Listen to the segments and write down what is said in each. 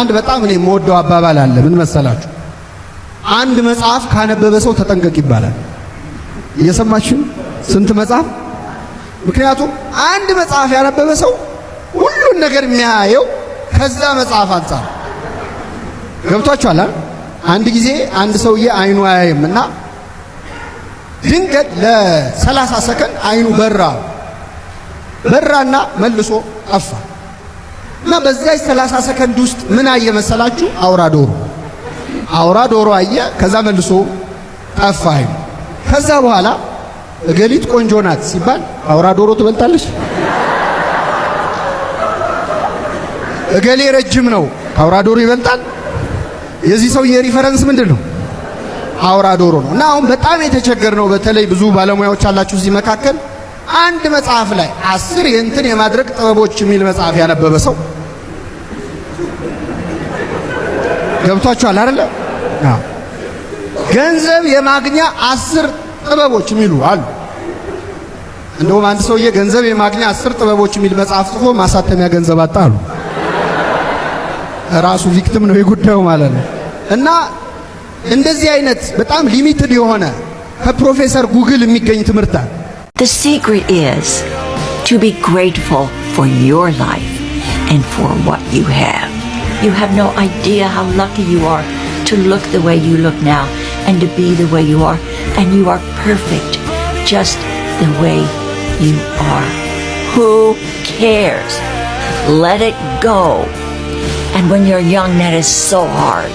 አንድ በጣም እኔ የምወደው አባባል አለ። ምን መሰላችሁ? አንድ መጽሐፍ ካነበበ ሰው ተጠንቀቅ ይባላል። እየሰማችሁ ስንት መጽሐፍ? ምክንያቱም አንድ መጽሐፍ ያነበበ ሰው ሁሉን ነገር የሚያየው ከዛ መጽሐፍ አንጻር ገብቷችኋል። አንድ ጊዜ አንድ ሰውዬ አይኑ አያይም እና ድንገት ለሰላሳ ሰከንድ አይኑ በራ በራና መልሶ ጠፋ። እና በዚያች 30 ሰከንድ ውስጥ ምን አየ መሰላችሁ? አውራ ዶሮ አውራ ዶሮ አየ። ከዛ መልሶ ጠፋ። ከዛ በኋላ እገሊት ቆንጆ ናት ሲባል አውራ ዶሮ ትበልጣለች። እገሌ ረጅም ነው አውራ ዶሮ ይበልጣል። የዚህ ሰው ሪፈረንስ ምንድን ነው? አውራ ዶሮ ነው። እና አሁን በጣም የተቸገር ነው። በተለይ ብዙ ባለሙያዎች አላችሁ እዚህ መካከል አንድ መጽሐፍ ላይ አስር የእንትን የማድረግ ጥበቦች የሚል መጽሐፍ ያነበበ ሰው ገብቷችኋል አይደለ? ገንዘብ የማግኛ አስር ጥበቦች የሚሉ አሉ። እንደውም አንድ ሰውዬ ገንዘብ የማግኛ አስር ጥበቦች የሚል መጽሐፍ ጽፎ ማሳተሚያ ገንዘብ አጣ አሉ። ራሱ ቪክቲም ነው የጉዳዩ ማለት ነው። እና እንደዚህ አይነት በጣም ሊሚትድ የሆነ ከፕሮፌሰር ጉግል የሚገኝ ትምህርት አለ። The secret is to be grateful for your life and for what you have. You have no idea how lucky you are to look the way you look now and to be the way you are. And you are perfect just the way you are. Who cares? Let it go. And when you're young, that is so hard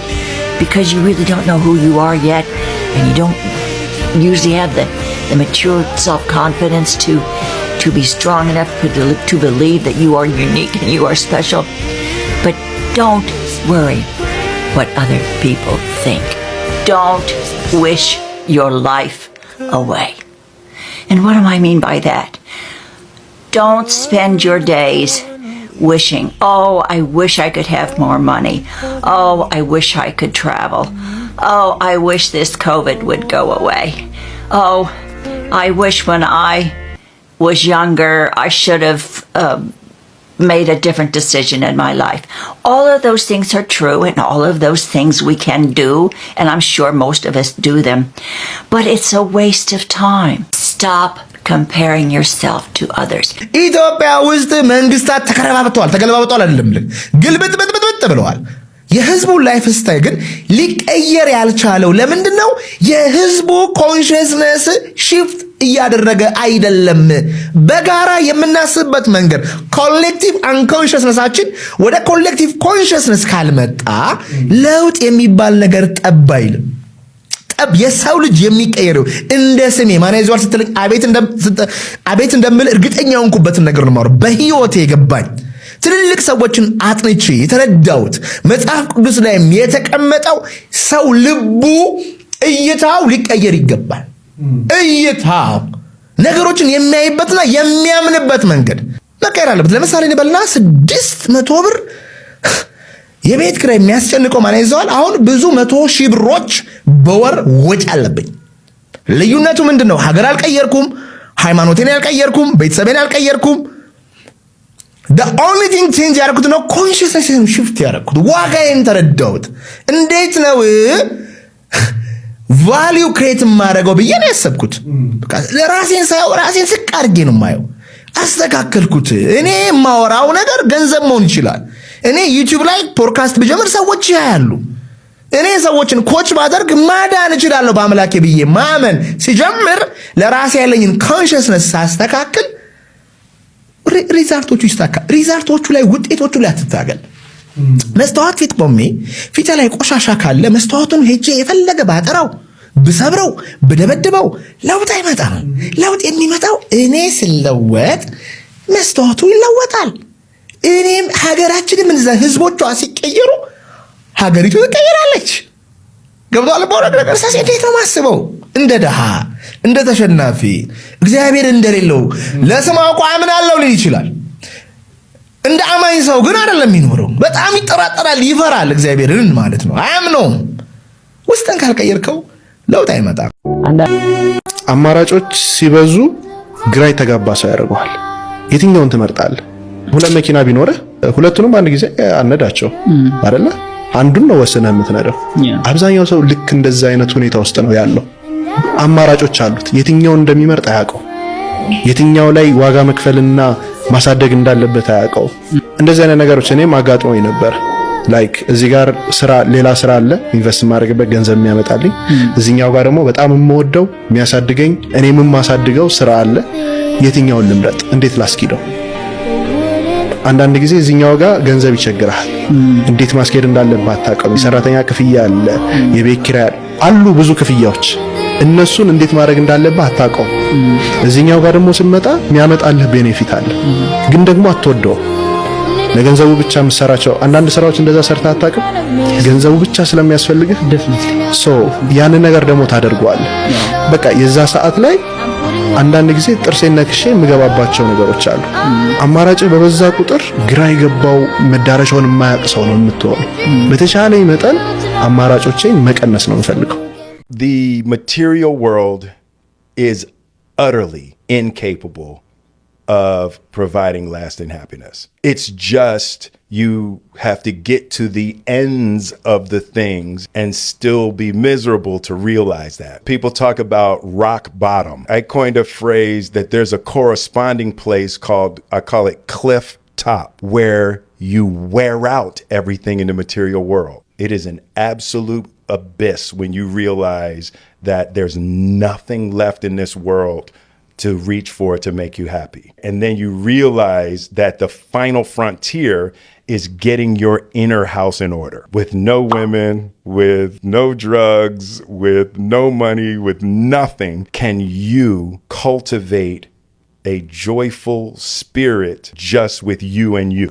because you really don't know who you are yet and you don't usually have the, the mature self confidence to to be strong enough to, to believe that you are unique and you are special. Don't worry what other people think. Don't wish your life away. And what do I mean by that? Don't spend your days wishing, oh, I wish I could have more money. Oh, I wish I could travel. Oh, I wish this COVID would go away. Oh, I wish when I was younger, I should have uh, made a different decision in my life. All of those things are true and all of those things we can do, and I'm sure most of us do them. But it's a waste of time. Stop comparing yourself to others. ኢትዮጵያ ውስጥ መንግስታት ተከረባብተዋል። ተገለባብተዋል አይደለም ብለዋል። ላይፍ ስታይል ግን ሊቀየር ያልቻለው ለምንድን ነው? የህዝቡ ኮንሽስነስ ሺፍት እያደረገ አይደለም። በጋራ የምናስብበት መንገድ ኮሌክቲቭ አንኮንሽስነሳችን ወደ ኮሌክቲቭ ኮንሽስነስ ካልመጣ ለውጥ የሚባል ነገር ጠብ አይልም። ጠብ የሰው ልጅ የሚቀየረው እንደ ስሜ ማን ያዘዋል ስትለኝ አቤት እንደምል እርግጠኛ ሆንኩበትን ነገር ነው የማወራው በህይወቴ የገባኝ ትልልቅ ሰዎችን አጥንቼ የተረዳሁት መጽሐፍ ቅዱስ ላይም የተቀመጠው ሰው ልቡ እይታው ሊቀየር ይገባል። እይታ ነገሮችን የሚያይበትና የሚያምንበት መንገድ መቀየር አለበት። ለምሳሌ እንበልና ስድስት መቶ ብር የቤት ኪራይ የሚያስጨንቀው ማን ይዘዋል? አሁን ብዙ መቶ ሺህ ብሮች በወር ወጪ አለብኝ። ልዩነቱ ምንድን ነው? ሀገር አልቀየርኩም፣ ሃይማኖቴን አልቀየርኩም፣ ቤተሰቤን አልቀየርኩም። ኦንሊ ቲንግ ቼንጅ ያደረኩት ነው ኮንሽስነስ ሽፍት ያደረኩት ዋጋዬን ተረዳሁት። እንዴት ነው ቫሊዩ ክሬት የማደርገው ብዬ ነው ያሰብኩት። ራሴን ሳየው ራሴን ስቅ አድርጌ ነው ማየው። አስተካከልኩት። እኔ የማወራው ነገር ገንዘብ መሆን ይችላል። እኔ ዩቲዩብ ላይ ፖድካስት ብጀምር ሰዎች ያያሉ። እኔ ሰዎችን ኮች ባደርግ ማዳን እችላለሁ በአምላኬ ብዬ ማመን ሲጀምር ለራሴ ያለኝን ኮንሽስነስ ሳስተካክል ሪዛልቶቹ ይስተካከል። ሪዛልቶቹ ላይ ውጤቶቹ ላይ አትታገል። መስተዋት ፊት ቆሜ ፊት ላይ ቆሻሻ ካለ መስተዋቱን ሄጄ የፈለገ ባጠራው ብሰብረው ብደበድበው ለውጥ አይመጣም። ለውጥ የሚመጣው እኔ ስለወጥ መስተዋቱ ይለወጣል። እኔም ሀገራችን ምንዛ ህዝቦቿ ሲቀየሩ ሀገሪቱ ትቀየራለች። ገብቷል። በሆነ ነገር ሳሴ እንዴት ነው ማስበው? እንደ ድሃ እንደ ተሸናፊ እግዚአብሔር እንደሌለው ለስም አውቋ ምን አለው ሊል ይችላል እንደ አማኝ ሰው ግን አይደለም የሚኖረው። በጣም ይጠራጠራል፣ ይፈራል እግዚአብሔርን ማለት ነው። አያምነውም። ውስጥን ካልቀየርከው ለውጥ አይመጣም። አማራጮች ሲበዙ ግራ የተጋባ ሰው ያደርገዋል። የትኛውን ትመርጣል ሁለት መኪና ቢኖርህ ሁለቱንም አንድ ጊዜ አነዳቸው አይደለ? አንዱን ነው ወስነህ የምትነደው። አብዛኛው ሰው ልክ እንደዛ አይነት ሁኔታ ውስጥ ነው ያለው። አማራጮች አሉት፣ የትኛውን እንደሚመርጥ አያውቀው። የትኛው ላይ ዋጋ መክፈልና ማሳደግ እንዳለበት አያውቀው። እንደዚህ አይነት ነገሮች እኔም አጋጥሞኝ ነበር። ላይክ እዚህ ጋር ስራ ሌላ ስራ አለ ኢንቨስት የማደርግበት ገንዘብ የሚያመጣልኝ፣ እዚኛው ጋር ደግሞ በጣም የምወደው የሚያሳድገኝ እኔም የማሳድገው ስራ አለ። የትኛውን ልምረጥ? እንዴት ላስኪደው? አንዳንድ ጊዜ እዚህኛው ጋር ገንዘብ ይቸግራል፣ እንዴት ማስኬድ እንዳለብህ አታውቅም። የሰራተኛ ክፍያ አለ፣ የቤት ኪራይ አሉ፣ ብዙ ክፍያዎች እነሱን እንዴት ማድረግ እንዳለብህ አታውቀው! እዚህኛው ጋር ደግሞ ስንመጣ የሚያመጣልህ ቤኔፊት አለ፣ ግን ደግሞ አትወደው ለገንዘቡ ብቻ የምትሰራቸው አንዳንድ ስራዎች እንደዛ ሰርተህ አታውቅም። ገንዘቡ ብቻ ስለሚያስፈልግህ ሶ ያንን ነገር ደግሞ ታደርገዋለህ። በቃ የዛ ሰዓት ላይ አንዳንድ ጊዜ ጥርሴን ነክሼ የምገባባቸው ነገሮች አሉ። አማራጭ በበዛ ቁጥር ግራ የገባው መዳረሻውን የማያውቅ ሰው ነው የምትሆነው። በተቻለ መጠን አማራጮቼን መቀነስ ነው የምፈልገው። The material world is utterly incapable of providing lasting happiness. It's just you have to get to the ends of the things and still be miserable to realize that. People talk about rock bottom. I coined a phrase that there's a corresponding place called, I call it cliff top, where you wear out everything in the material world. It is an absolute abyss when you realize that there's nothing left in this world to reach for to make you happy. And then you realize that the final frontier is getting your inner house in order with no women, with no drugs, with no money, with nothing. Can you cultivate a joyful spirit just with you and you?